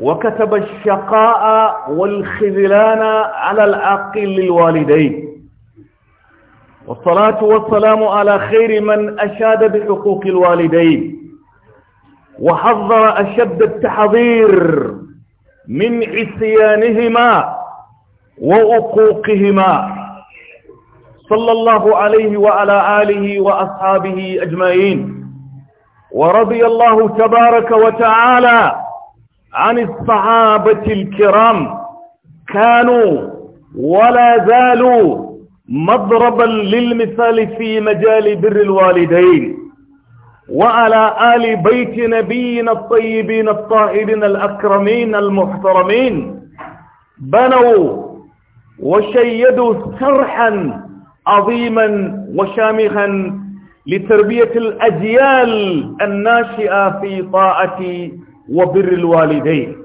وكتب الشقاء والخذلان على العاقل للوالدين والصلاة والسلام على خير من أشاد بحقوق الوالدين وحذر أشد التحذير من عصيانهما وعقوقهما صلى الله عليه وعلى آله وأصحابه أجمعين ورضي الله تبارك وتعالى عن الصحابة الكرام كانوا ولا زالوا مضربا للمثال في مجال بر الوالدين وعلى آل بيت نبينا الطيبين الطاهرين الأكرمين المحترمين بنوا وشيدوا سرحا عظيما وشامخا لتربية الأجيال الناشئة في طاعة وبر الوالدين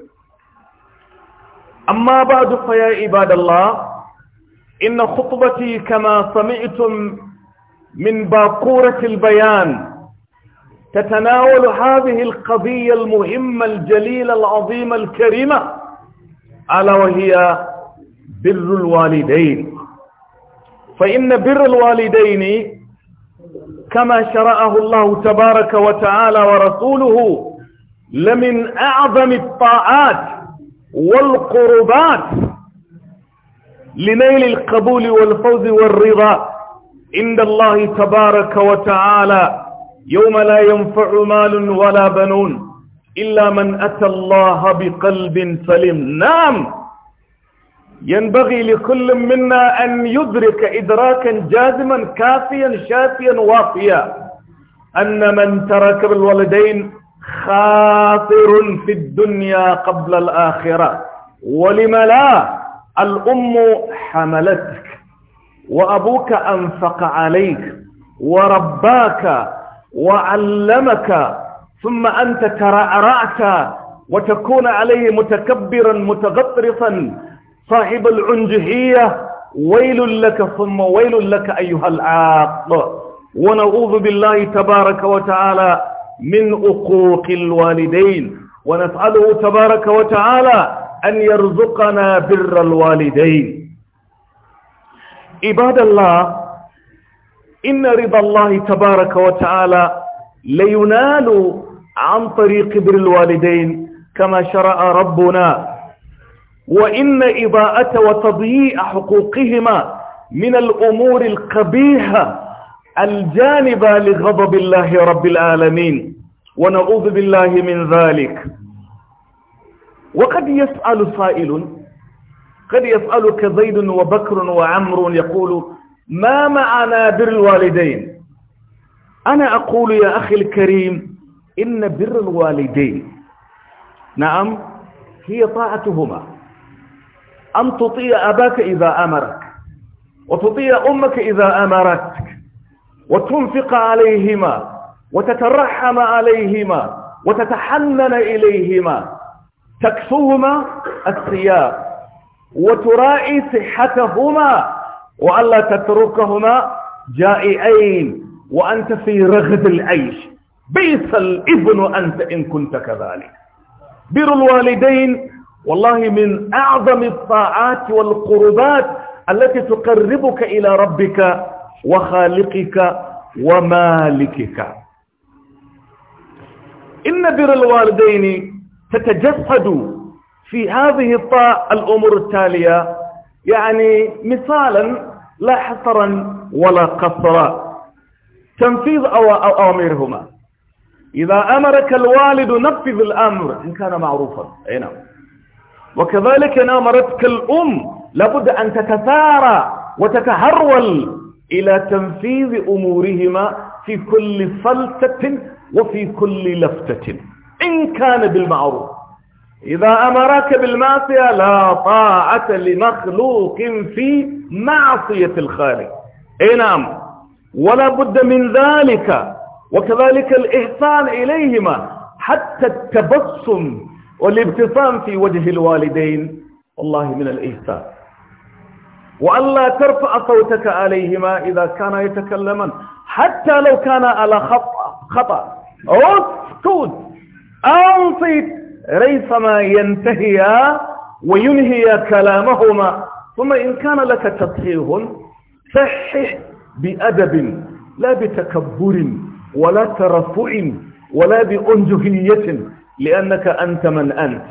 أما بعد فيا عباد الله إن خطبتي كما سمعتم من باقورة البيان تتناول هذه القضية المهمة الجليلة العظيمة الكريمة ألا وهي بر الوالدين فإن بر الوالدين كما شرعه الله تبارك وتعالى ورسوله لمن أعظم الطاعات والقربات لنيل القبول والفوز والرضا عند الله تبارك وتعالى يوم لا ينفع مال ولا بنون إلا من أتى الله بقلب سليم نعم ينبغي لكل منا أن يدرك إدراكا جازما كافيا شافيا وافيا أن من ترك بالوالدين خاطر في الدنيا قبل الآخرة ولم لا الأم حملتك وأبوك أنفق عليك ورباك وعلمك ثم أنت ترعرعت وتكون عليه متكبرا متغطرسا صاحب العنجهية ويل لك ثم ويل لك أيها العاق ونعوذ بالله تبارك وتعالى من أقوق الوالدين ونسأله تبارك وتعالى أن يرزقنا بر الوالدين عباد الله إن رضا الله تبارك وتعالى لينال عن طريق بر الوالدين كما شرع ربنا وإن إضاءة وتضييع حقوقهما من الأمور القبيحة الجانب لغضب الله رب العالمين ونعوذ بالله من ذلك وقد يسأل سائل قد يسألك زيد وبكر وعمر يقول ما معنى بر الوالدين أنا أقول يا أخي الكريم إن بر الوالدين نعم هي طاعتهما أن تطيع أباك إذا أمرك وتطيع أمك إذا أمرتك وتنفق عليهما وتترحم عليهما وتتحنن إليهما تكسوهما الثياب وتراعي صحتهما وألا تتركهما جائعين وأنت في رغد العيش بيس الابن أنت إن كنت كذلك بر الوالدين والله من أعظم الطاعات والقربات التي تقربك إلى ربك وخالقك ومالكك إن بر الوالدين تتجسد في هذه الطاء الأمور التالية يعني مثالا لا حصرا ولا قصرا تنفيذ أو أوامرهما إذا أمرك الوالد نفذ الأمر إن كان معروفا أي نعم وكذلك إن أمرتك الأم لابد أن تتسارع وتتهرول إلى تنفيذ أمورهما في كل فلتة وفي كل لفتة إن كان بالمعروف إذا أمرك بالمعصية لا طاعة لمخلوق في معصية الخالق أي نعم ولا بد من ذلك وكذلك الإحسان إليهما حتى التبسم والابتسام في وجه الوالدين والله من الإحسان وألا ترفع صوتك عليهما إذا كان يتكلمان حتى لو كان على خطأ خطأ اسكت أنصت ريثما ينتهيا وينهي كلامهما ثم إن كان لك تصحيح صحح بأدب لا بتكبر ولا ترفع ولا بأنجهية لأنك أنت من أنت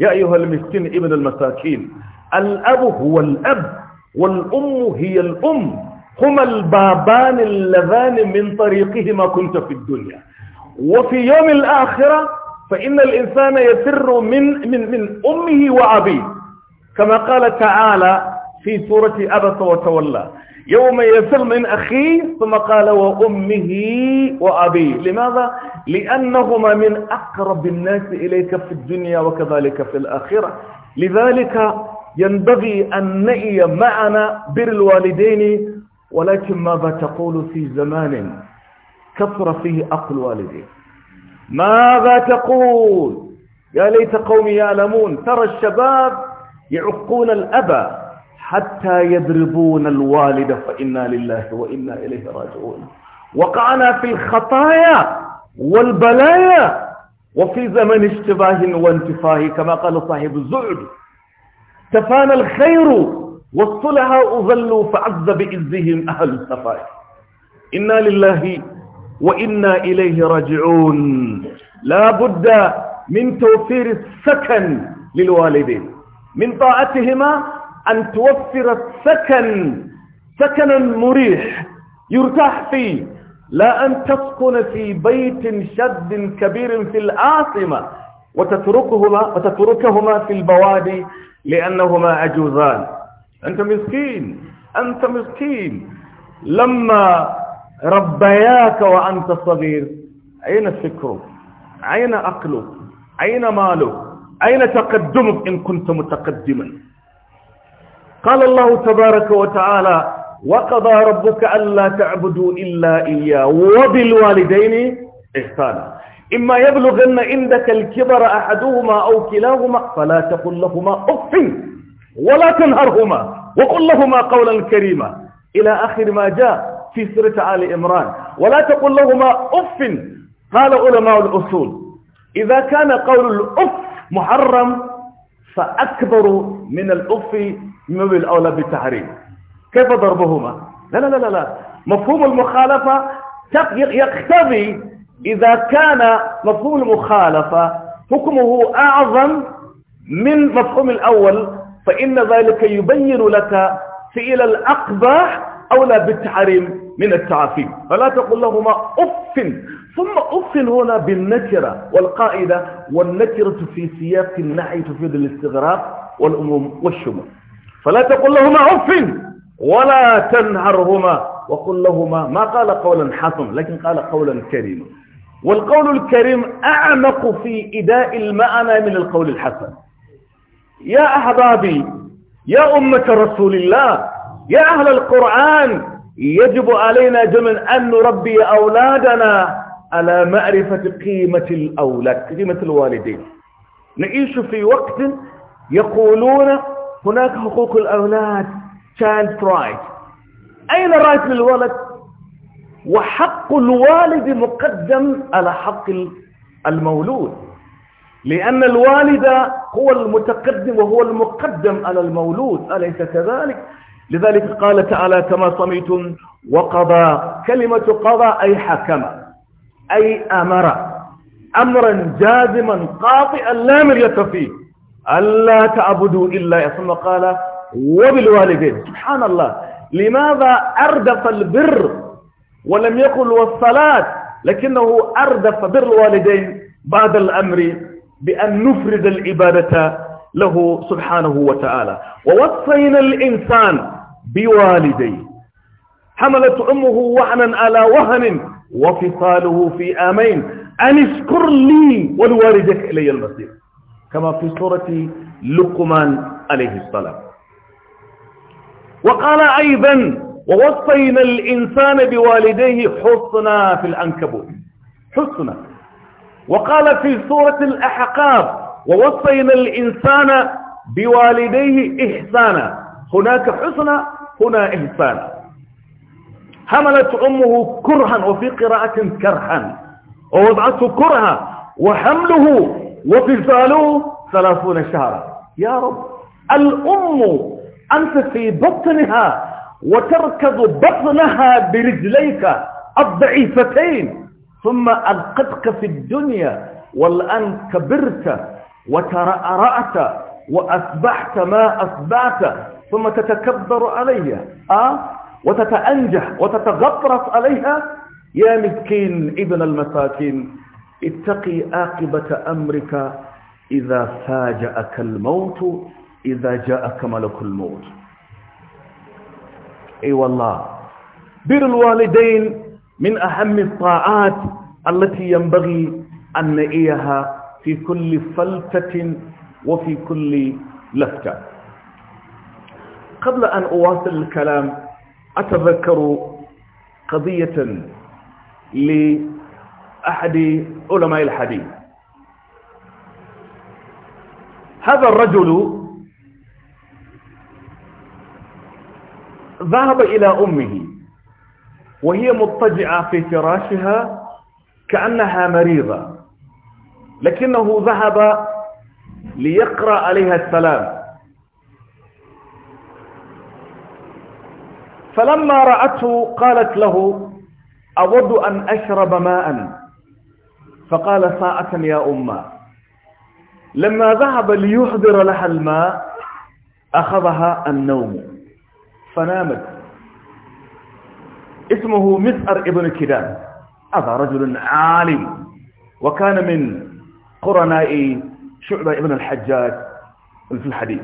يا أيها المسكين ابن المساكين الأب هو الأب والأم هي الأم هما البابان اللذان من طريقهما كنت في الدنيا وفي يوم الآخرة فإن الإنسان يفر من, من, من أمه وأبيه كما قال تعالى في سورة أبس وتولى يوم يفر من أخيه ثم قال وأمه وأبيه لماذا؟ لأنهما من أقرب الناس إليك في الدنيا وكذلك في الآخرة لذلك ينبغي أن نئي معنا بر الوالدين ولكن ماذا تقول في زمان كثر فيه أقل الوالدين ماذا تقول يا ليت قومي يعلمون ترى الشباب يعقون الأبى حتى يضربون الوالد فإنا لله وإنا إليه راجعون وقعنا في الخطايا والبلايا وفي زمن اشتباه وانتفاه كما قال صاحب الزعب تفانى الخير والصلها أظلوا فعز بإذهم أهل السفائر إنا لله وإنا إليه راجعون لا بد من توفير السكن للوالدين من طاعتهما أن توفر السكن سكنا مريح يرتاح فيه لا أن تسكن في بيت شد كبير في العاصمة وتتركهما وتتركهما في البوادي لأنهما عجوزان أنت مسكين أنت مسكين لما ربياك وأنت صغير أين فكرك أين عقلك أين مالك أين تقدمك إن كنت متقدما قال الله تبارك وتعالى وقضى ربك ألا تعبدوا إلا إياه وبالوالدين إحسانا إما يبلغن عندك الكبر أحدهما أو كلاهما فلا تقل لهما أف ولا تنهرهما وقل لهما قولا كريما إلى آخر ما جاء في سورة آل إمران ولا تقل لهما أف قال علماء الأصول إذا كان قول الأف محرم فأكبر من الأف من الأولى بالتحريم كيف ضربهما لا لا لا لا مفهوم المخالفة يقتضي إذا كان مفهوم المخالفة حكمه أعظم من مفهوم الأول فإن ذلك يبين لك فعل الأقبح أولى بالتحريم من التعافيم فلا تقل لهما أف ثم أف هنا بالنكرة والقائدة والنكرة في سياق النعي تفيد الاستغراق والأموم والشمول فلا تقل لهما أف ولا تنهرهما وقل لهما ما قال قولا حسن لكن قال قولا كريما والقول الكريم أعمق في إداء المعنى من القول الحسن يا أحبابي يا أمة رسول الله يا أهل القرآن يجب علينا جميعا أن نربي أولادنا على معرفة قيمة الأولاد قيمة الوالدين نعيش في وقت يقولون هناك حقوق الأولاد child right أين رايت للولد وحق الوالد مقدم على حق المولود لأن الوالد هو المتقدم وهو المقدم على المولود أليس كذلك؟ لذلك قال تعالى كما سمعتم وقضى كلمة قضى أي حكم أي أمر أمرا جازما قاطئا لا مرية فيه ألا تعبدوا إلا ثم قال وبالوالدين سبحان الله لماذا أردف البر ولم يقل والصلاة لكنه أردف بر الوالدين بعد الأمر بأن نفرد العبادة له سبحانه وتعالى ووصينا الإنسان بوالديه حملت أمه وحنا على وهن وفصاله في آمين أن اشكر لي ولوالدك إلي المصير كما في سورة لقمان عليه السلام وقال أيضا ووصينا الإنسان بوالديه حسنا في العنكبوت حسنا وقال في سورة الأحقاب ووصينا الإنسان بوالديه إحسانا هناك حصنا هنا إحسانا حملت أمه كرها وفي قراءة كرها ووضعته كرها وحمله وفصاله ثلاثون شهرا يا رب الأم أنت في بطنها وتركض بطنها برجليك الضعيفتين ثم ألقتك في الدنيا والآن كبرت وترأرأت وأصبحت ما أصبحت ثم تتكبر عليها آه وتتأنجح وتتغطرس عليها يا مسكين ابن المساكين اتقي عاقبة أمرك إذا فاجأك الموت إذا جاءك ملك الموت اي والله بر الوالدين من أهم الطاعات التي ينبغي أن نئيها في كل فلتة وفي كل لفتة قبل أن أواصل الكلام أتذكر قضية لأحد علماء الحديث هذا الرجل ذهب إلى أمه وهي مضطجعة في فراشها كأنها مريضة لكنه ذهب ليقرأ عليها السلام فلما رأته قالت له أود أن أشرب ماء فقال ساعة يا أمة لما ذهب ليحضر لها الماء أخذها النوم فنامت اسمه مسأر ابن الكدان هذا رجل عالم وكان من قرناء شعبة ابن الحجاج في الحديث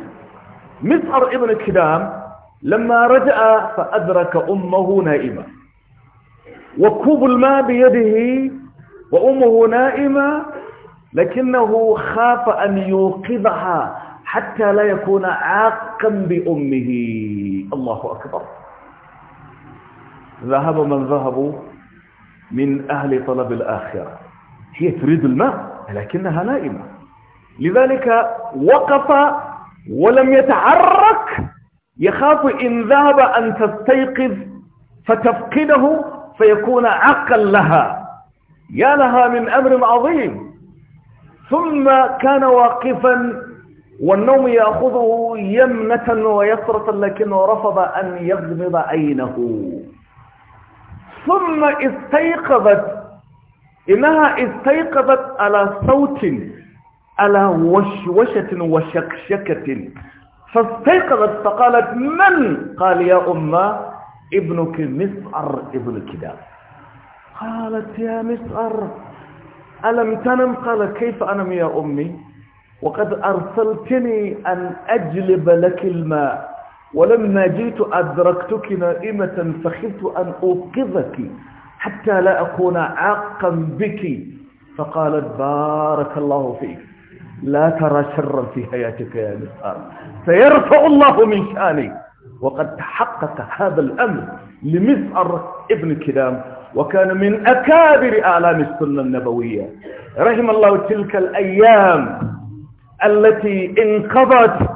مسأر ابن الكدان لما رجع فأدرك أمه نائمة وكوب الماء بيده وأمه نائمة لكنه خاف أن يوقظها حتى لا يكون عاقا بأمه الله أكبر ذهب من ذهبوا من أهل طلب الآخرة هي تريد الماء لكنها نائمة لذلك وقف ولم يتعرك يخاف إن ذهب أن تستيقظ فتفقده فيكون عقل لها يا لها من أمر عظيم ثم كان واقفا والنوم يأخذه يمنة ويسرة لكنه رفض أن يغمض عينه ثم استيقظت إنها استيقظت على صوت على وشوشة وشكشكة فاستيقظت فقالت من قال يا أمه ابنك مسعر ابن كداب قالت يا مسعر ألم تنم قال كيف أنم يا أمي وقد أرسلتني أن أجلب لك الماء ولما جئت أدركتك نائمة فخفت أن أوقظك حتى لا أكون عاقا بك فقالت بارك الله فيك لا ترى شرا في حياتك يا نسار سيرفع الله من شاني وقد تحقق هذا الأمر لمسأر ابن كلام وكان من أكابر أعلام السنة النبوية رحم الله تلك الأيام التي انقضت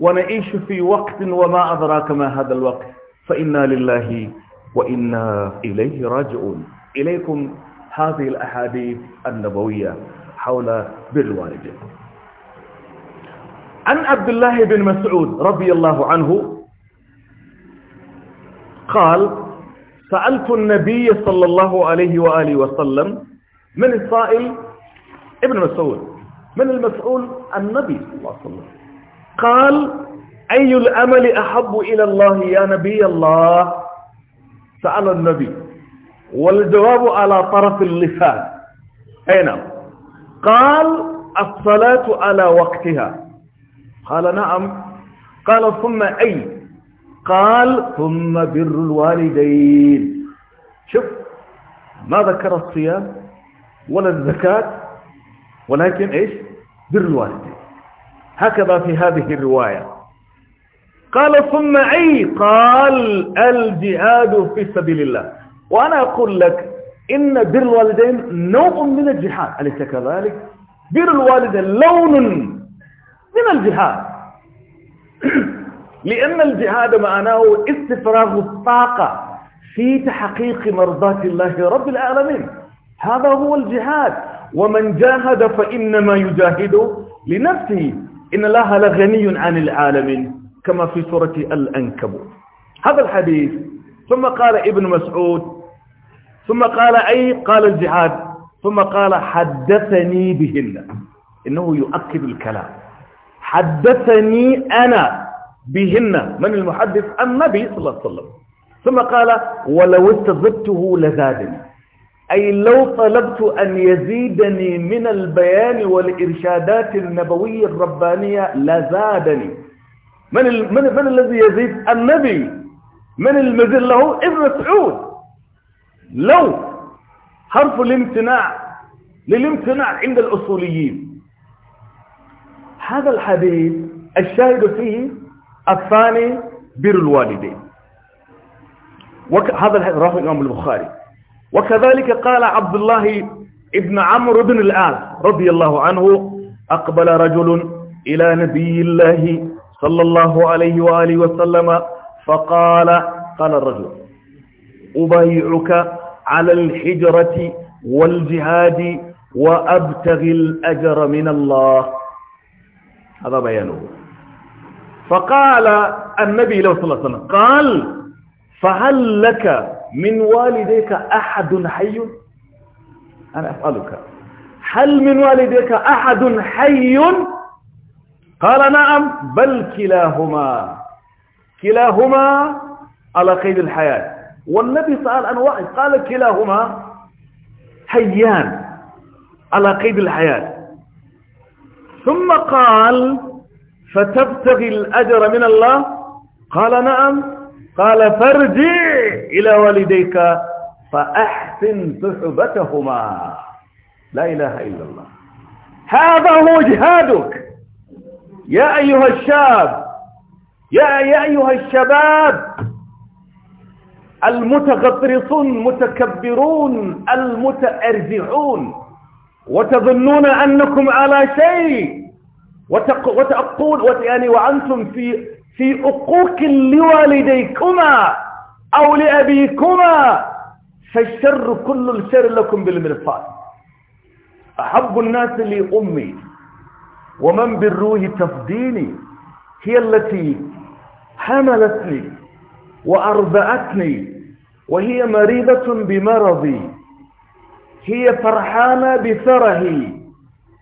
ونعيش في وقت وما أدراك ما هذا الوقت فإنا لله وإنا إليه راجعون إليكم هذه الأحاديث النبوية حول بر الوالدين عن عبد الله بن مسعود رضي الله عنه قال سألت النبي صلى الله عليه وآله وسلم من الصائل ابن مسعود من المسؤول النبي صلى الله عليه وسلم قال أي الأمل أحب إلى الله يا نبي الله سأل النبي والجواب على طرف اللسان أي نعم قال الصلاة على وقتها قال نعم قال ثم أي قال ثم بر الوالدين شوف ما ذكر الصيام ولا الزكاة ولكن إيش بر الوالدين هكذا في هذه الرواية قال ثم أي قال الجهاد في سبيل الله وأنا أقول لك إن بر الوالدين نوع من الجهاد أليس كذلك بر الوالدين لون من الجهاد لأن الجهاد معناه استفراغ الطاقة في تحقيق مرضات الله رب العالمين هذا هو الجهاد ومن جاهد فإنما يجاهد لنفسه إن الله لغني عن العالمين كما في سورة الأنكب هذا الحديث ثم قال ابن مسعود ثم قال أي قال الجهاد ثم قال حدثني بهن إنه يؤكد الكلام حدثني أنا بهن من المحدث النبي صلى الله عليه وسلم ثم قال ولو استضبته لزادني أي لو طلبت أن يزيدني من البيان والإرشادات النبوية الربانية لزادني من, من, من الذي يزيد النبي من المزيد له ابن سعود لو حرف الامتناع للامتناع عند الأصوليين هذا الحديث الشاهد فيه الثاني بر الوالدين وهذا الحديث راه الإمام البخاري وكذلك قال عبد الله ابن عمرو بن العاص رضي الله عنه أقبل رجل إلى نبي الله صلى الله عليه وآله وسلم فقال قال الرجل أبايعك على الحجرة والجهاد وأبتغي الأجر من الله هذا بيانه فقال النبي صلى الله عليه وسلم قال فهل لك من والديك أحد حي أنا أسألك هل من والديك أحد حي قال نعم بل كلاهما كلاهما على قيد الحياة والنبي سأل عن واحد قال كلاهما حيان على قيد الحياة ثم قال فتبتغي الأجر من الله قال نعم قال فارجع إلى والديك فأحسن صحبتهما لا إله إلا الله هذا هو جهادك يا أيها الشاب يا, أيها الشباب المتغطرسون متكبرون المتأرجعون وتظنون أنكم على شيء وتقول يعني وأنتم في في عقوق لوالديكما أو لأبيكما فالشر كل الشر لكم بالمرصاد أحب الناس لي أمي ومن بالروح تفديني هي التي حملتني وأرضأتني وهي مريضة بمرضي هي فرحانة بثرهي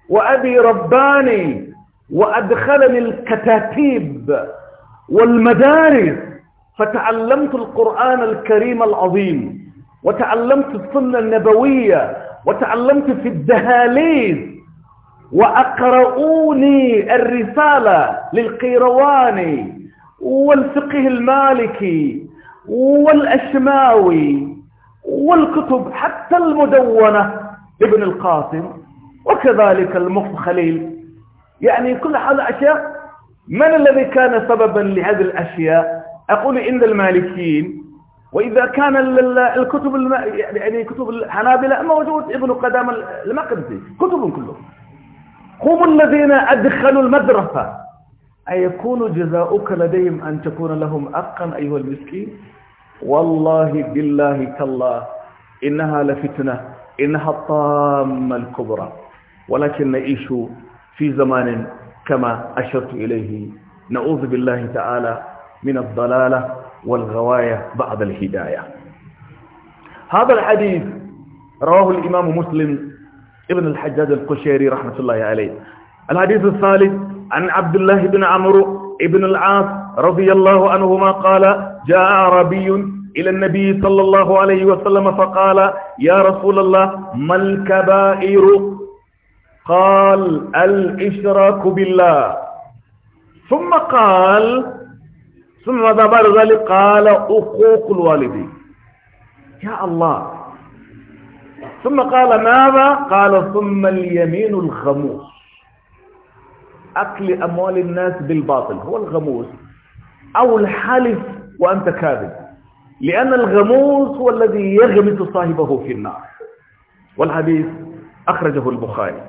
وأبي رباني وأدخلني الكتاتيب والمدارس فتعلمت القرآن الكريم العظيم وتعلمت السنة النبوية وتعلمت في الدهاليز وأقرؤوني الرسالة للقيرواني والفقه المالكي والأشماوي والكتب حتى المدونة ابن القاسم وكذلك المخ خليل يعني كل هذا أشياء من الذي كان سببا لهذه الأشياء أقول عند المالكيين وإذا كان الكتب الم... يعني كتب الحنابلة موجود ابن قدام المقدسي كتب كلهم هم الذين أدخلوا المدرسة أيكون جزاؤك لديهم أن تكون لهم أقا أيها المسكين والله بالله تالله إنها لفتنة إنها الطامة الكبرى ولكن نعيش في زمان كما أشرت إليه نعوذ بالله تعالى من الضلالة والغواية بعد الهداية هذا الحديث رواه الإمام مسلم ابن الحجاج القشيري رحمة الله عليه الحديث الثالث عن عبد الله بن عمرو ابن العاص رضي الله عنهما قال جاء عربي إلى النبي صلى الله عليه وسلم فقال يا رسول الله ما الكبائر قال الإشراك بالله ثم قال ثم ماذا بعد ذلك قال أخوك الوالدين يا الله ثم قال ماذا قال ثم اليمين الخموس أكل أموال الناس بالباطل هو الغموس أو الحلف وأنت كاذب لأن الغموس هو الذي يغمس صاحبه في النار والحديث أخرجه البخاري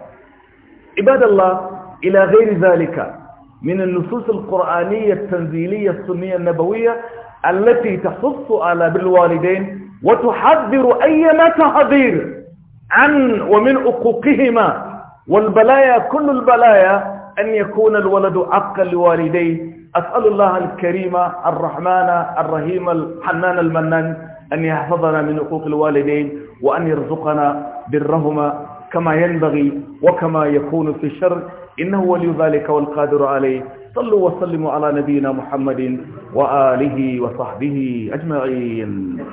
عباد الله إلى غير ذلك من النصوص القرآنية التنزيلية السنية النبوية التي تحص على بالوالدين وتحذر أيما تحذير عن ومن حقوقهما والبلايا كل البلايا أن يكون الولد عقا لوالديه أسأل الله الكريم الرحمن الرحيم الحنان المنان أن يحفظنا من حقوق الوالدين وأن يرزقنا برهما كما ينبغي وكما يكون في الشر إنه ولي ذلك والقادر عليه صلوا وسلموا على نبينا محمد وآله وصحبه أجمعين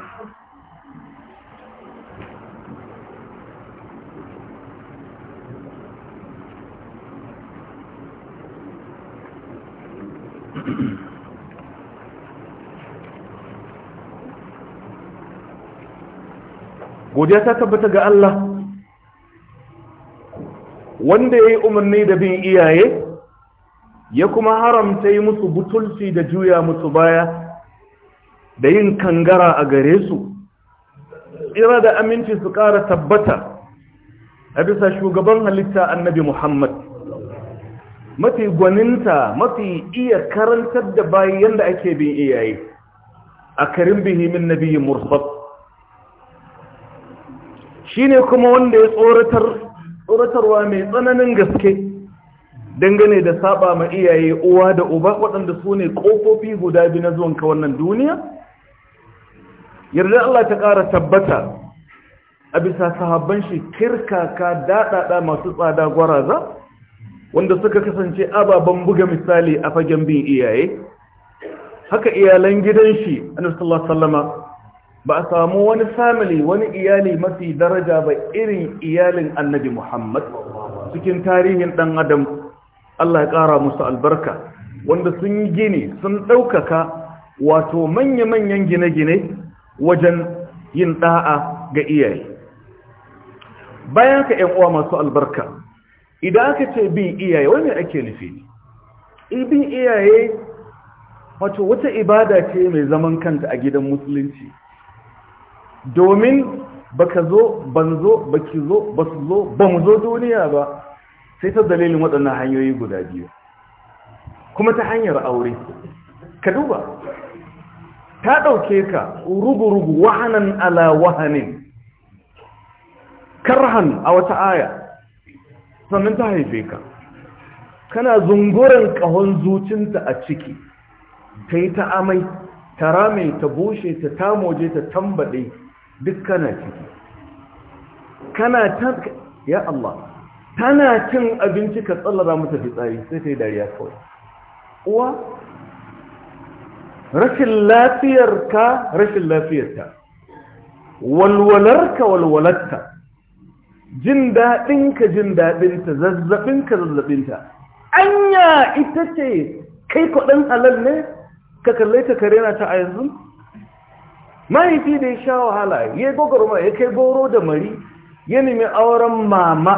godiya ta tabbata ga Allah wanda ya yi umarni da bin iyaye ya kuma haramta yi musu butulci da juya musu baya da yin kangara a gare su tsira da aminci su ƙara tabbata a bisa shugaban halitta annabi muhammad mafi gwaninta mafi iya karantar da bayan yadda ake bin iyaye a karin bihimin nabi mursal shi ne kuma wanda ya tsoratar tsoratarwa mai tsananin gaske dangane da saba ma iyaye uwa da uba waɗanda su ne ƙofofi guda biyu na zuwanka wannan duniya yarda Allah ta ƙara tabbata a bisa sahabban shi kirkaka daɗaɗa masu tsada gwaraza wanda suka kasance ababen buga misali a fagen bin iyaye haka iyalan gidan shi annabi sallallahu alaihi ba a samu wani family wani iyali mafi daraja ba irin iyalin annabi Muhammad cikin tarihin dan adam Allah ya kara musu albarka wanda sun yi gini sun ɗaukaka wato manya-manyan gine-gine wajen yin ɗa'a ga iyaye bayan ka uwa masu albarka idan aka ce bin iyaye wani ake nufi ne bin iyaye wato wata ibada ce mai zaman kanta a gidan musulunci domin baka zo ban zo baki zo basu zo ban zo duniya ba sai ta dalilin waɗannan hanyoyi guda biyu kuma ta hanyar aure ka duba ta ɗauke ka rugu-rugu wahanan ala wahanin karhan a wata aya sannan ta haife ka kana zungurin ƙahon zucinta a ciki ta yi ta amai ta rame ta bushe ta tamoje ta tambaɗe duk kana ciki kana ta ya Allah tana cin abinci ka tsallara mata fitsari sai ta yi dariya kawai uwa rashin lafiyarka rashin lafiyarta walwalarka walwalarta jin daɗinka jin daɗinta zazzaɓinka zazzaɓinta anya ita ce kai kwaɗin halal ne ka kalle ka karena ta a yanzu mahaifi da ya sha wahala ya gogorma ya kai goro da mari ya nemi auren mama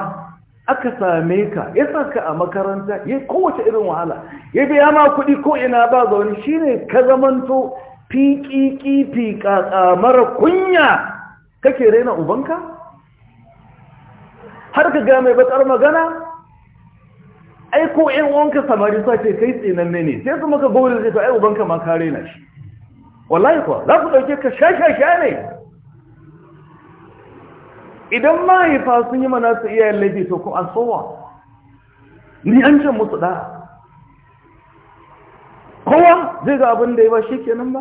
aka same ka ya saka a makaranta ya kowace irin wahala ya biya ma kuɗi ko ina ba ga wani ne ka zamanto fiƙiƙi fiƙaƙa mara kunya kake raina ubanka har ka ga mai batsar magana Aiko yan ƴan uwanka samari sa ce kai tsinanne ne sai su maka gori zai to ai ubanka ma ka raina shi wallahi kuwa za ku ɗauke ka sha-sha-sha ne idan mahaifa sun yi mana su iyayen laifi to kuma an sowa ni an can musu ɗa kowa zai ga abin da ya ba shi kenan ba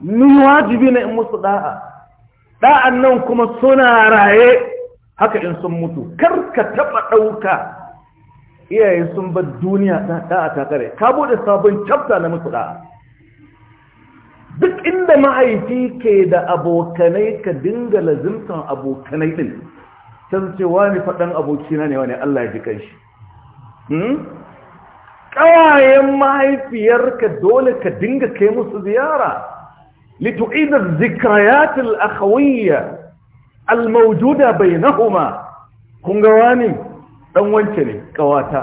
ni wajibi na in musu ɗa'a ɗa'an nan kuma suna raye haka in sun mutu kar ka taɓa ɗauka iyaye sun bar duniya ɗa'a ta kare ka buɗe sabon capta na musu ɗa'a duk inda mahaifi ke da abokanai ka dinga lazimtan abokanai din can ce wani faɗan abokina ne wani Allah ya ji kan shi hmm? ƙawayen mahaifiyarka dole ka dinga kai musu ziyara لتعيد الذكريات الأخوية Kun ga wani ɗan wance ne ƙawata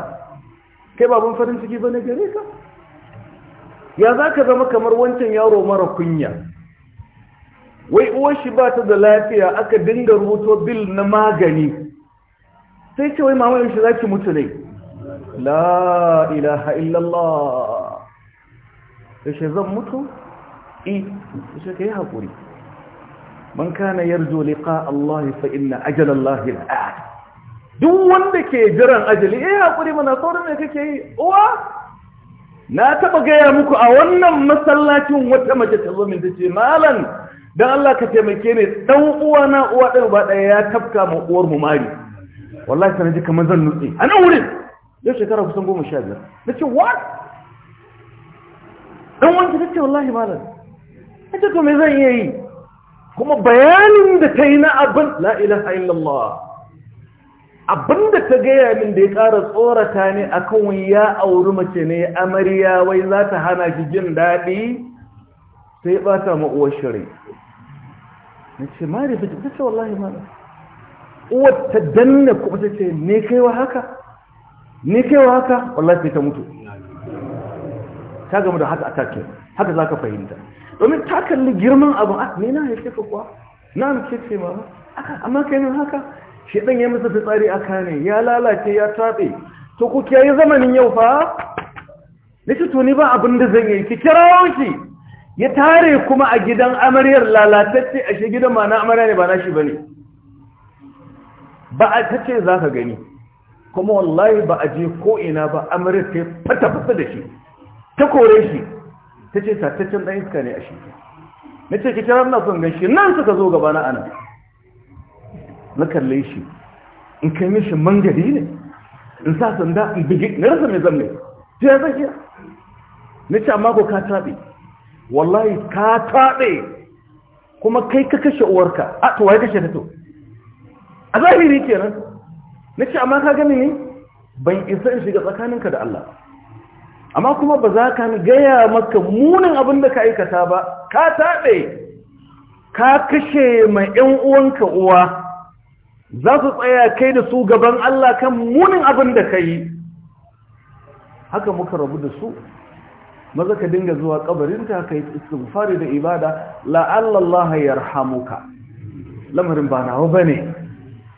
kai babban farin ciki bane gare ka ya za ka zama kamar wancan yaro mara kunya wai uwar shi ba ta da lafiya aka dinga rubuto bil na magani sai ce wai mamayin shi za ki mutu ne la ilaha illallah yaushe zan mutu i yaushe ka yi haƙuri man kana yarjo liqa Allah fa inna ajalallahi al'ad duk wanda ke jiran ajali eh hakuri mana sauran me kake yi uwa na taɓa gaya muku a wannan masallacin wata mace ta zo min ta ce malam don Allah ka taimake ni ɗan uwa na uwa ɗan ba ɗaya ya tafka ma uwar mu mari wallahi sanar ji kamar zan nutse a nan wurin yau shekara kusan goma sha biyar na ce what ɗan wanke ta ce wallahi malam na ce to me zan iya yi kuma bayanin da ta yi na abin la ilaha illallah abinda ta gaya min da ya ƙara tsorata ne akan wani ya auri mace ne amarya wai za ta hana shi jin daɗi sai ba ta ma'uwa shirin na ce mari fi ta ce wallahi ma uwar ta danna kuma ta ce ne kaiwa haka ne kaiwa haka wallahi sai ta mutu ta gama da haka a take haka za ka fahimta domin ta kalli girman abin a ah, nina na ce ka kuwa na haife ce ma amma kai nan haka shedan ya musu fitsari a kane ya lalace ya taɓe to ku kiyaye zamanin yau fa nace ci tuni ba abin da zan yi ki kirawo shi ya tare kuma a gidan amaryar lalatacce a shi gidan ma na amarya ne ba na shi ba ne ba a tace ka gani kuma wallahi ba a je ko ina ba amaryar ta fata fata da shi ta kore shi ta ce tataccen ɗan iska ne a shi nace ki kira na son ganshi nan suka zo gaba na anan na kalle shi in kai mishi mangari ne in sa sanda in bigi na rasa mai zanne? ta ya zai na ce amma ko ka taɓe wallahi ka taɓe kuma kai ka kashe uwarka a to waye kashe ta to a zahiri kenan na ce amma ka gani ne ban isa in shiga tsakaninka da Allah amma kuma ba za ka gaya maka munin abin da ka aikata ba ka taɓe ka kashe mai ‘yan uwanka uwa za su tsaya kai da su gaban Allah kan munin abin da ka yi haka muka rabu da su maza ka dinga zuwa kabarinta ka yi tsufari da ibada la'allallaha ka. lamarin ba ba ne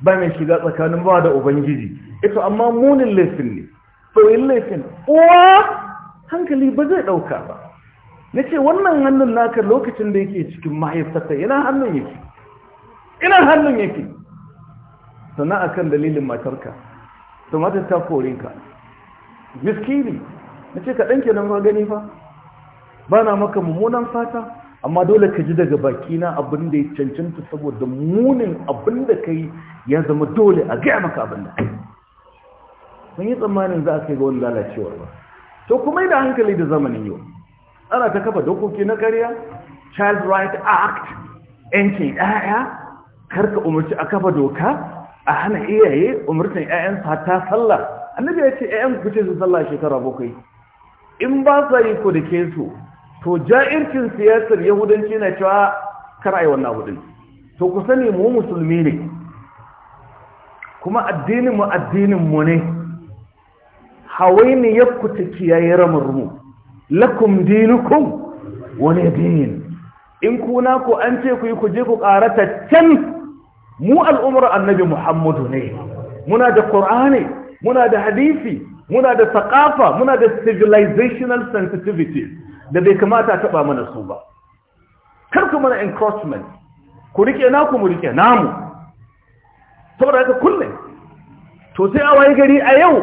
ba mai shiga tsakanin ba da ubangiji ita amma munin laifin ne tsoyin laifin uwa hankali ba zai ɗauka ba na ce wannan hannun naka lokacin da yake cikin mahaifata, ina hannun yake ina hannun yake sannan a kan dalilin matarka to matar ta kore ka miskini na ce ka ɗanke nan gani fa ba na maka mummunan fata amma dole ka ji daga bakina abin da ya cancanta saboda munin abin da ka yi ya zama dole a gaya maka abin da ka yi mun yi tsammanin za a kai ga wani lalacewar ba to kuma yi da hankali da zamanin yau ana ta kafa dokoki na karya child right act yancin ɗaya karka umarci a kafa doka a hana iyaye umurtan yayan hatta sallah annabi ya ce ƴaƴan ku ce su sallah shekara bakwai in ba sa yi ko da ke su to ja'ircin siyasar yahudanci na cewa kar ai wannan abu to ku sani mu musulmi ne kuma addinin mu addinin mu ne hawaini kuta kiyaye ramar mu lakum dinukum wani din in kuna ku an ce ku yi ku je ku karata can mu al'umar annabi muhammadu ne muna da ƙur'ani muna da hadisi muna da taƙafa, muna da civilizational sensitivity da bai kamata taɓa mana su ba karku mana encroachment ku rike naku mu rike namu saboda haka kullum to sai a wayi gari a yau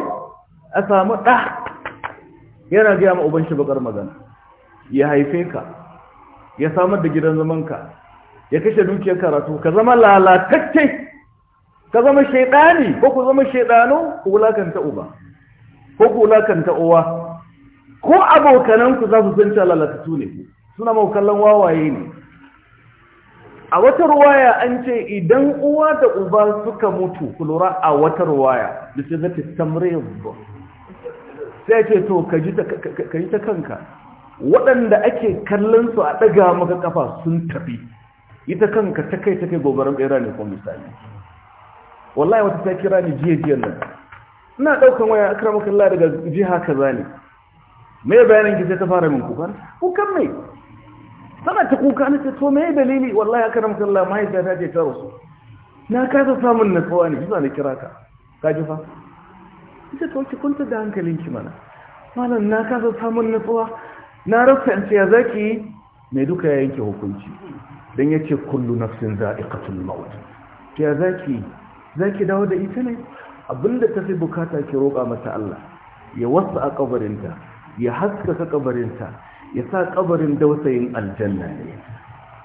a samu ɗa yana gaya ma uban shi magana ya haife ka ya samar da gidan zamanka ya kashe dukiyar karatu ka zama lalatacce ka zama shaidani ko ku zama shaidano ku wulakanta uba ko ku wulakanta uwa ko abokananku za su san cewa lalatattu ne suna kallon wawaye ne a wata ruwaya an ce idan uwa da uba suka mutu ku lura a wata ruwaya da ce zata tamrin sai ce to ka ji ta kanka waɗanda ake kallon su a ɗaga maka kafa sun tafi ita kanka ta kai ta kai gobaran bera ne ko misali wallahi wata ta kira ni jiya jiya nan ina daukan waya Allah daga jiha kaza ne me bayanin ki sai ta fara min kukan kukan me sana ta kuka ne to me dalili wallahi Allah mai da ta ce ta rasu na kasa samun natsuwa ne kisa na kira ka ka ji fa ita to ki kunta da ki mana malam na kasa samun natsuwa na rasa in ce ya zaki mai duka ya yanke hukunci don ya ce kullu nafsin za'iqatul maut ya zaki zaki dawo da ita ne abinda tafi fi bukata ki roƙa mata Allah ya wasa a kabarinta ya haskaka kabarinta ya sa kabarin dausayin aljanna ne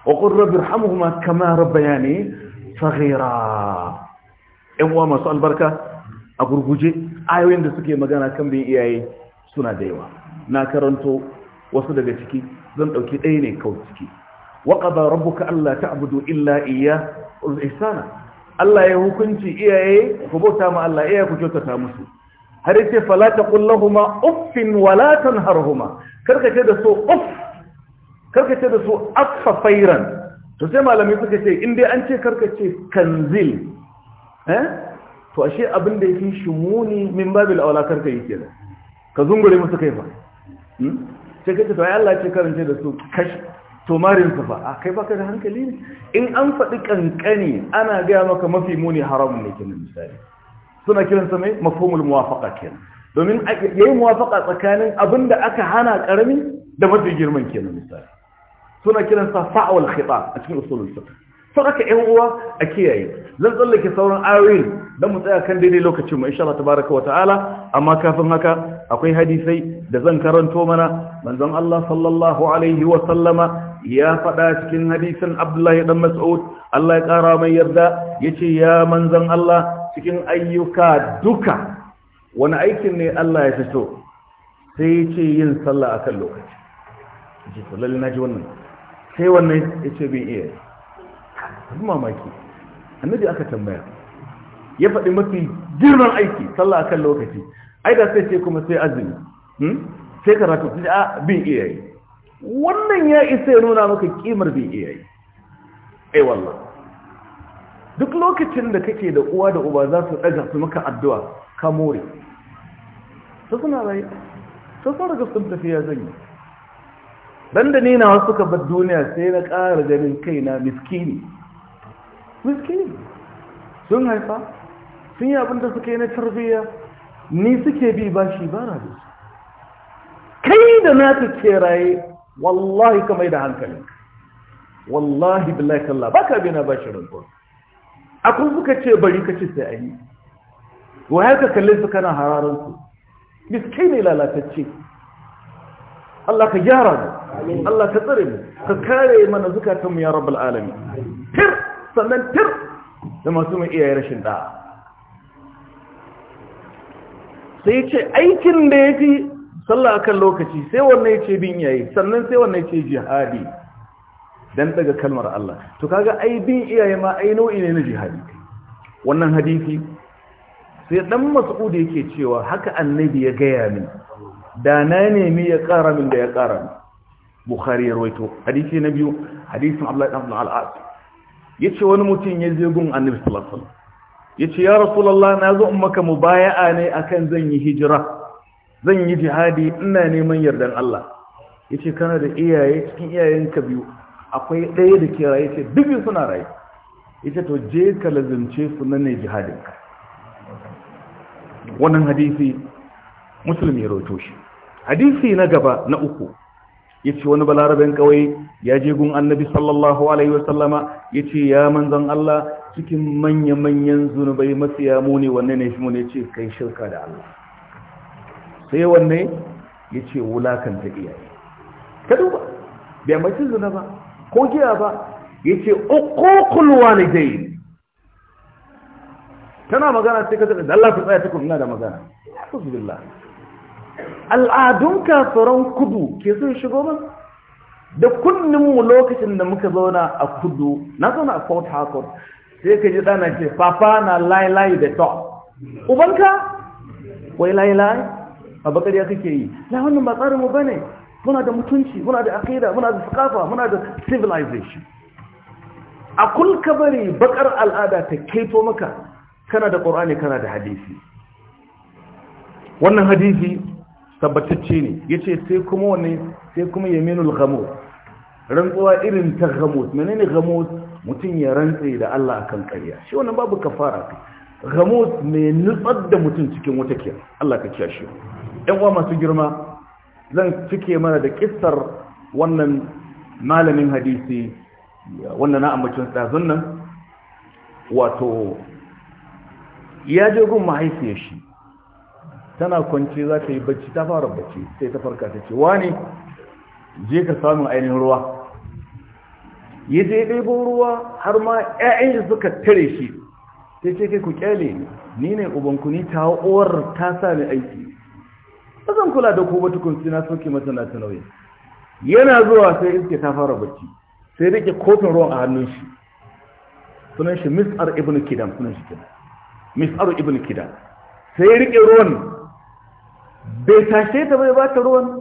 wa qur rabbi irhamhuma kama rabbayani saghira in uwa masu albarka a gurguje ayoyin da suke magana kan bin iyaye suna da yawa na karanto wasu daga ciki zan ɗauki ɗaya ne kawai ciki wa qada rabbuka alla ta'budu illa iyyah ihsana Allah ya hukunci iyaye ku bauta ma Allah iyaye ku kyautata musu har yace fala taqul lahumu uffin wala tanharhuma karka ce da su uff karka ce da su affa fairan to sai malami suka ce in dai an ce karka ce kanzil eh to ashe abin da yake shumuni min babil aula karka yi kenan ka zungure musu kai fa sai kace to ai Allah ce karance da su kash to marinsa ba a kai baka da hankali ne in an faɗi ƙanƙani ana gaya maka mafi muni haramun ne kenan misali suna kiransa mai mafhumul muwafaqa kenan domin yayi muwafaqa tsakanin abinda aka hana karami da mafi girman kenan misali suna kiransa fa'ul khitab a cikin usulul fiqh saboda ƴan uwa a kiyaye zan tsallake sauran ayoyin dan mu tsaya kan daidai lokacin mu insha Allah tabaraka wa ta'ala amma kafin haka akwai hadisai da zan karanto mana manzon Allah sallallahu alaihi wa sallama ya faɗa cikin hadisin Abdullahi dan Mas'ud Allah ya ƙara mai yarda ya ce ya manzan Allah cikin ayyuka duka wani aikin ne Allah ya fito sai ya ce yin sallah a kan lokaci yace to na naji wannan sai wannan ce bin iya kuma mamaki annabi aka tambaya ya faɗi mafi girman aiki sallah a kan lokaci Aida sai ce kuma sai azumi hmm? sai karatu sai a bin iyaye wannan ya isa ya nuna maka kimar bin iyayi ai eh, wallah duk lokacin da kake da uwa da uba za su daga su maka addu'a ka more su suna rai su sun riga sun tafiya zan yi dan da na wasu suka bar duniya sai na ƙara ganin kaina miskini miskini sun haifa sun yi abin da suka yi na tarbiyya ni suke bi ba shi ba na kai da na ta ke raye wallahi ka mai da hankali wallahi billahi kallah baka bina bashi rantsuwa akwai suka ce bari ka ce sai a yi waya ka kalle su kana hararar su miskai ne lalatacce Allah ka gyara mu Allah ka tsare mu ka kare mana zukatan mu ya rabbal alamin tir sannan tir da masu mai iyaye rashin ɗa'a. sai ce aikin da yafi sallah akan lokaci sai wannan yace bin iyaye sannan sai wannan yace jihadi dan daga kalmar Allah to kaga ai bin iyaye ma ai nau'i ne na jihadi wannan hadisi sai dan Mas'ud yake cewa haka annabi ya gaya min da na nemi ya kara min da ya ƙara bukhari ya rawaito hadisi na biyu hadisin abdullahi ibn al-as yace wani mutum ya je gun annabi sallallahu alaihi wasallam yace ya rasulullah na zo in maka mubaya'a ne akan zan yi hijira zan yi jihadi ina neman yardan Allah yace kana da iyaye cikin iyayenka biyu akwai ɗaya da ke raye ce dubi suna raye yace to je ka lazimce su nan ne jihadinka wannan hadisi musulmi ya roto shi hadisi na gaba na uku ya ce wani balaraben kawai ya je gun annabi sallallahu alaihi wasallama ya ce ya manzan Allah cikin manya-manyan zunubai masu yamu ne wannan ne shi mu ne ce kai shirka da Allah sai wanne ya ce wulakanta iyaye ka duba bai mace zina ba ko giya ba ya ce ukukul walidai tana magana sai ka zaɓi da Allah ta tsaya tukun ina da magana alhamdulillah al'adun kasuwar kudu ke sun shigo ba da kunninmu lokacin da muka zauna a kudu na zauna a port harcourt sai ka ji ɗana ce papa na layi-layi da to ubanka wai layi-layi abu kariya kake yi na wannan ba tsarin mu bane muna da mutunci muna da akida muna da tsakafa muna da civilization a kulka bari bakar al'ada ta keto maka kana da ƙur'ani kana da hadisi wannan hadisi tabbatacce ne Ya ce sai kuma wani sai kuma ya yaminul ghamus rantsuwa irin ta ghamus menene ghamus mutum ya rantse da Allah a kan ƙarya shi wannan babu kafara kai ramus mai nutsar da mutum cikin wata kiyar Allah ka kiyashe ɗan uwa masu girma zan cike mana da kistar wannan malamin hadisi wannan na ambacin tsazun nan wato ya je gun mahaifiyar shi tana kwance za ta yi bacci ta fara bacci sai ta farka ta ce wani je ka samun ainihin ruwa ya je ɗaibo ruwa har ma 'ya'yan suka tare shi sai ce kai ku kyale ni ne ubanku ni ta uwar ta sa ni aiki ba kula da ku ba tukun na soke mata na ta nauyi yana zuwa sai iske ta fara bacci sai rike kofin ruwan a hannun shi sunan shi mis'ar ibn kidam sunan shi kidam mis'ar ibn kidam sai rike ruwan bai tashe ta bai ba ta ruwan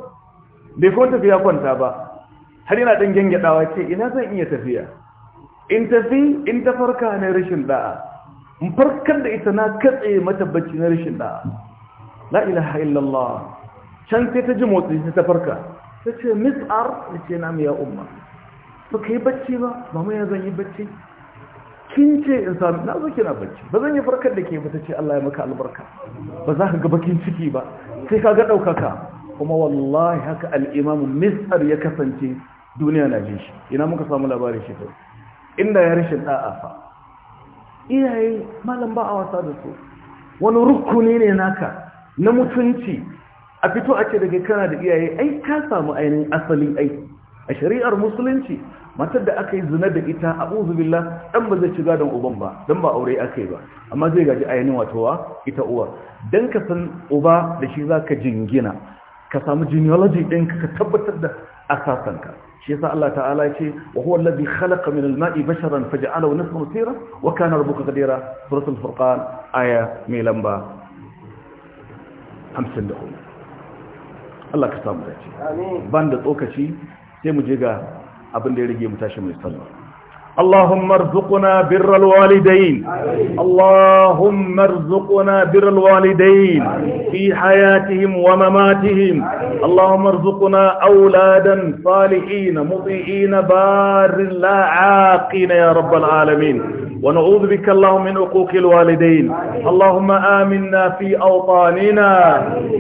bai kuma tafiya kwanta ba har yana dan gengedawa ce ina zan iya tafiya in tafi in ta farka na rashin da'a in farkar da ita na katse mata bacci na rashin da la ilaha illallah can sai ta ji motsi ta farka ta ce mis'ar da ce na miya umma ba ka yi bacci ba ba ya zan yi bacci kin ce in sami na zo kina bacci ba zan yi farkar da ke ba ta ce Allah ya maka albarka ba za ka ga bakin ciki ba sai ka ga ɗaukaka kuma wallahi haka al'imamu mis'ar ya kasance duniya na jin shi ina muka samu labarin shi to inda ya rashin ɗa'a fa iyaye malam ba a wasa da su wani rukuni ne naka na mutunci a fito ake daga kana da iyaye ai ka samu ainihin asali ai a shari'ar musulunci matar da aka yi zina da ita a uzubillah ɗan ba zai shiga don uban ba dan ba aure aka yi ba amma zai gaji ainihin watowa ita uwa dan ka san uba da shi za ka jingina ka samu genealogy ɗinka ka tabbatar da a sasanka shi yasa Allah ta'ala ya ce wa huwa alladhi khalaqa min al-ma'i basharan faj'alahu nasman sira wa kana rabbuka qadira suratul furqan aya mai lamba 54 Allah ka samu dace amin banda tsokaci sai mu je ga abin da ya rige mu tashi mai sallama اللهم ارزقنا بر الوالدين اللهم ارزقنا بر الوالدين في حياتهم ومماتهم اللهم ارزقنا أولادا صالحين مطيعين بار لا عاقين يا رب العالمين ونعوذ بك اللهم من عقوق الوالدين اللهم آمنا في أوطاننا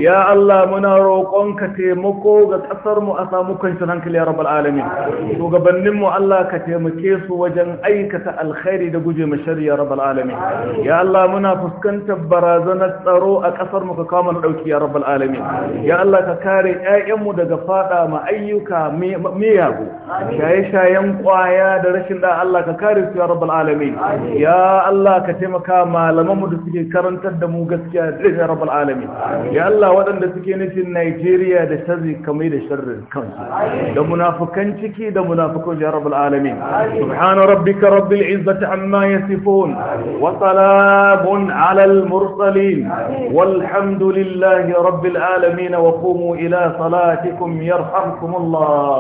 يا الله منا روقونك تيمكو قد أثر مؤثامك يا رب العالمين وقبنم الله كتيمكيسو wajen aikata alkhairi da guje ma shari'a rabbal alamin ya Allah muna fuskantar barazanar tsaro a ƙasar mu ka kama ɗauki. ya rabbal ya Allah ka kare ƴaƴan mu daga fada ma ayyuka miya shaye shayen ƙwaya da rashin da Allah ka kare su ya ya Allah ka taimaka malaman mu da suke karantar da mu gaskiya da ya rabbal ya Allah waɗanda suke nufin Najeriya da sharri kamar da kansu da munafukan ciki da munafukan ya rabbal سبحان ربك رب العزة عما يصفون وسلام على المرسلين والحمد لله رب العالمين وقوموا إلى صلاتكم يرحمكم الله